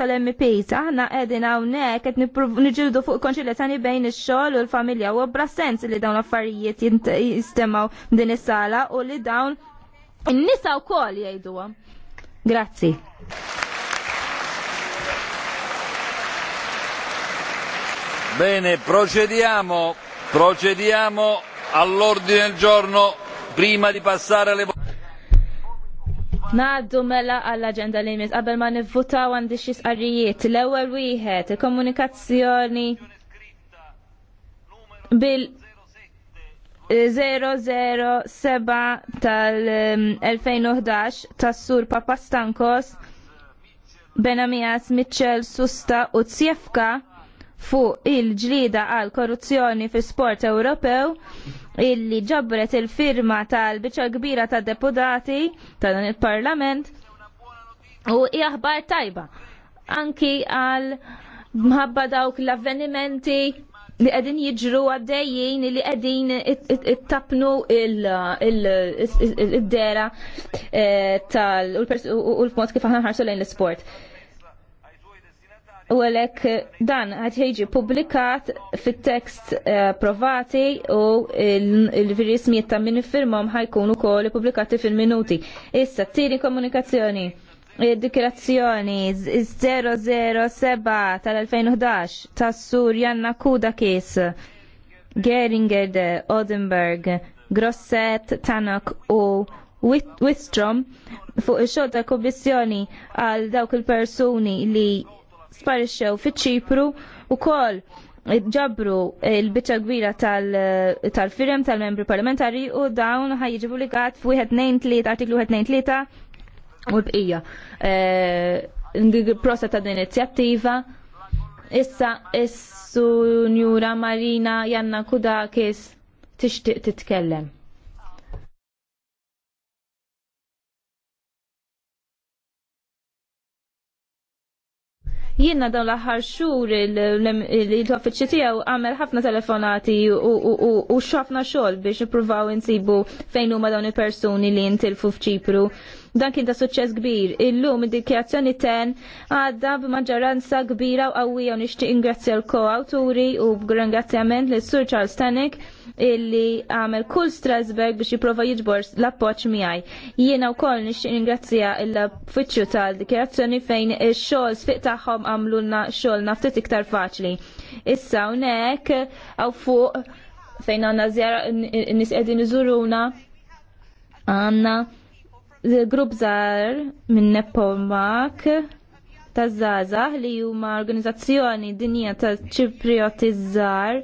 tal-MPs, aħna qegħdin hawnhekk et niġildu fuq konċilja tani bejn il-xol u l-familja u b'rassens li dawn affarijiet jistemaw din is-sala u li dawn in-nisa u wkoll jgħiduhom. Grazzi. Bene, procediamo, procediamo all'ordine del giorno prima di passare alle votazioni. Naddu mela għall-agenda li mis qabel ma nivvutaw għandi xi sqarrijiet. L-ewwel wieħed, il-komunikazzjoni bil 007 tal-2011 tas-sur Papastankos Benamias Mitchell Susta u Tsjefka fuq il-ġlida għal korruzzjoni fis-sport Ewropew illi ġabret il-firma tal-biċa kbira ta' deputati ta' dan il-parlament u jaħbar tajba anki għal mħabba dawk l-avvenimenti li għedin jiġru għaddejjien li għedin it-tapnu il-dera eh, tal u l-mod kif aħna ħarsu lejn l-sport u għalek eh, dan għad ħeġi publikat fit tekst eh, provati u il-virismiet ta' min firmom ħajkunu kol publikati fil-minuti. Issa, t-tini komunikazzjoni, eh, dikirazzjoni 007 tal-2011 ta' Sur Janna Kuda Kis, Geringer Odenberg, Grosset, Tanak u Wistrom fuq il-xogħol kommissjoni għal dawk il-persuni li sparixxew fiċ-Ċipru kol ġabru il-bicċa gbira tal-firem tal-membri parlamentari u dawn ħajġibu li għat f artiklu 123 u l-bqija. Eh, prosa ta' din inizjattiva. Issa, issu Njura Marina Janna Kudakis tixtieq titkellem. Jienna dawn l-aħħar xhur l-uffiċċju tiegħu għamel ħafna telefonati u xafna xogħol biex ippruvaw insibu fejn huma dawn il-persuni li ntilfu f'Ċipru. Dan kien ta' suċċess kbir. Illum id-dikjazzjoni ten għadda b'maġġoranza kbira u qawwija u nixtieq ingrazzja l-ko-awturi u b'ringrazzjament lis sur Charles Tanek illi għamel kull Strasberg biex jiprofa jiġbor l-appoċ miħaj. Jiena u koll nix ingrazzja l-fitxu tal-dikjerazzjoni fejn xol sfiq taħħom għamlunna xol naftit iktar faċli. Issa unek għaw fuq fejn għanna zjara nis edin iżuruna għanna grupp żgħar minn Nepomak ta' Zazah li huma organizzazzjoni dinja ta' Ċiprioti żgħar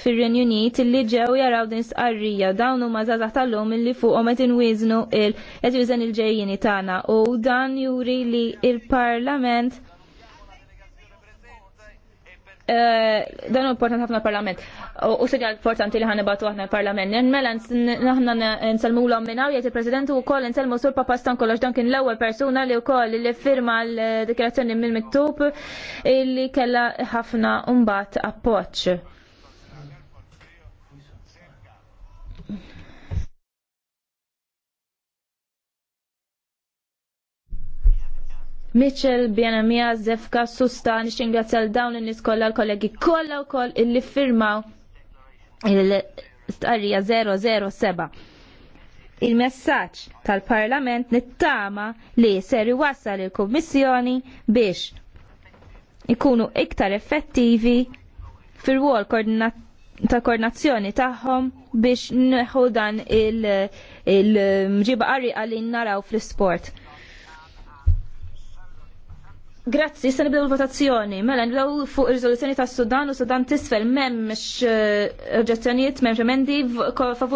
fir-Renju Unit li ġew jaraw din sqarrija dawn huma żgħażagħ tal-lum illi fuqhom qed inwiżnu il qed il-ġejjini tagħna u dan juri li il-Parlament il parlament Eh, dan importanti ħafna parlament. U segnal importanti li ħanibatu ħafna parlament. Mela naħna nsalmula minnaw jgħet il-President u koll nsalmu sur papastan kollox dan kien l-ewel persuna li u koll li firma l-dikjerazzjoni minn miktub li kella ħafna umbat appoċ. Mitchell, Bienamija, Zefka, Susta, nixingrazzjal dawn il nies kollha l-kollegi kollha wkoll illi firmaw il starija 007. Il-messaġġ tal-Parlament nittama li ser iwassal il-Kummissjoni biex ikunu iktar effettivi fir wol ta' koordinazzjoni tagħhom biex neħu dan il ġibqari għalli naraw fl-sport. Grazzi, se nibdew il-votazzjoni. Mela, nibdew fuq il riżoluzzjoni tas Sudan u Sudan tisfel m'hemmx eh, oġġezzjonijiet, memx emendi favur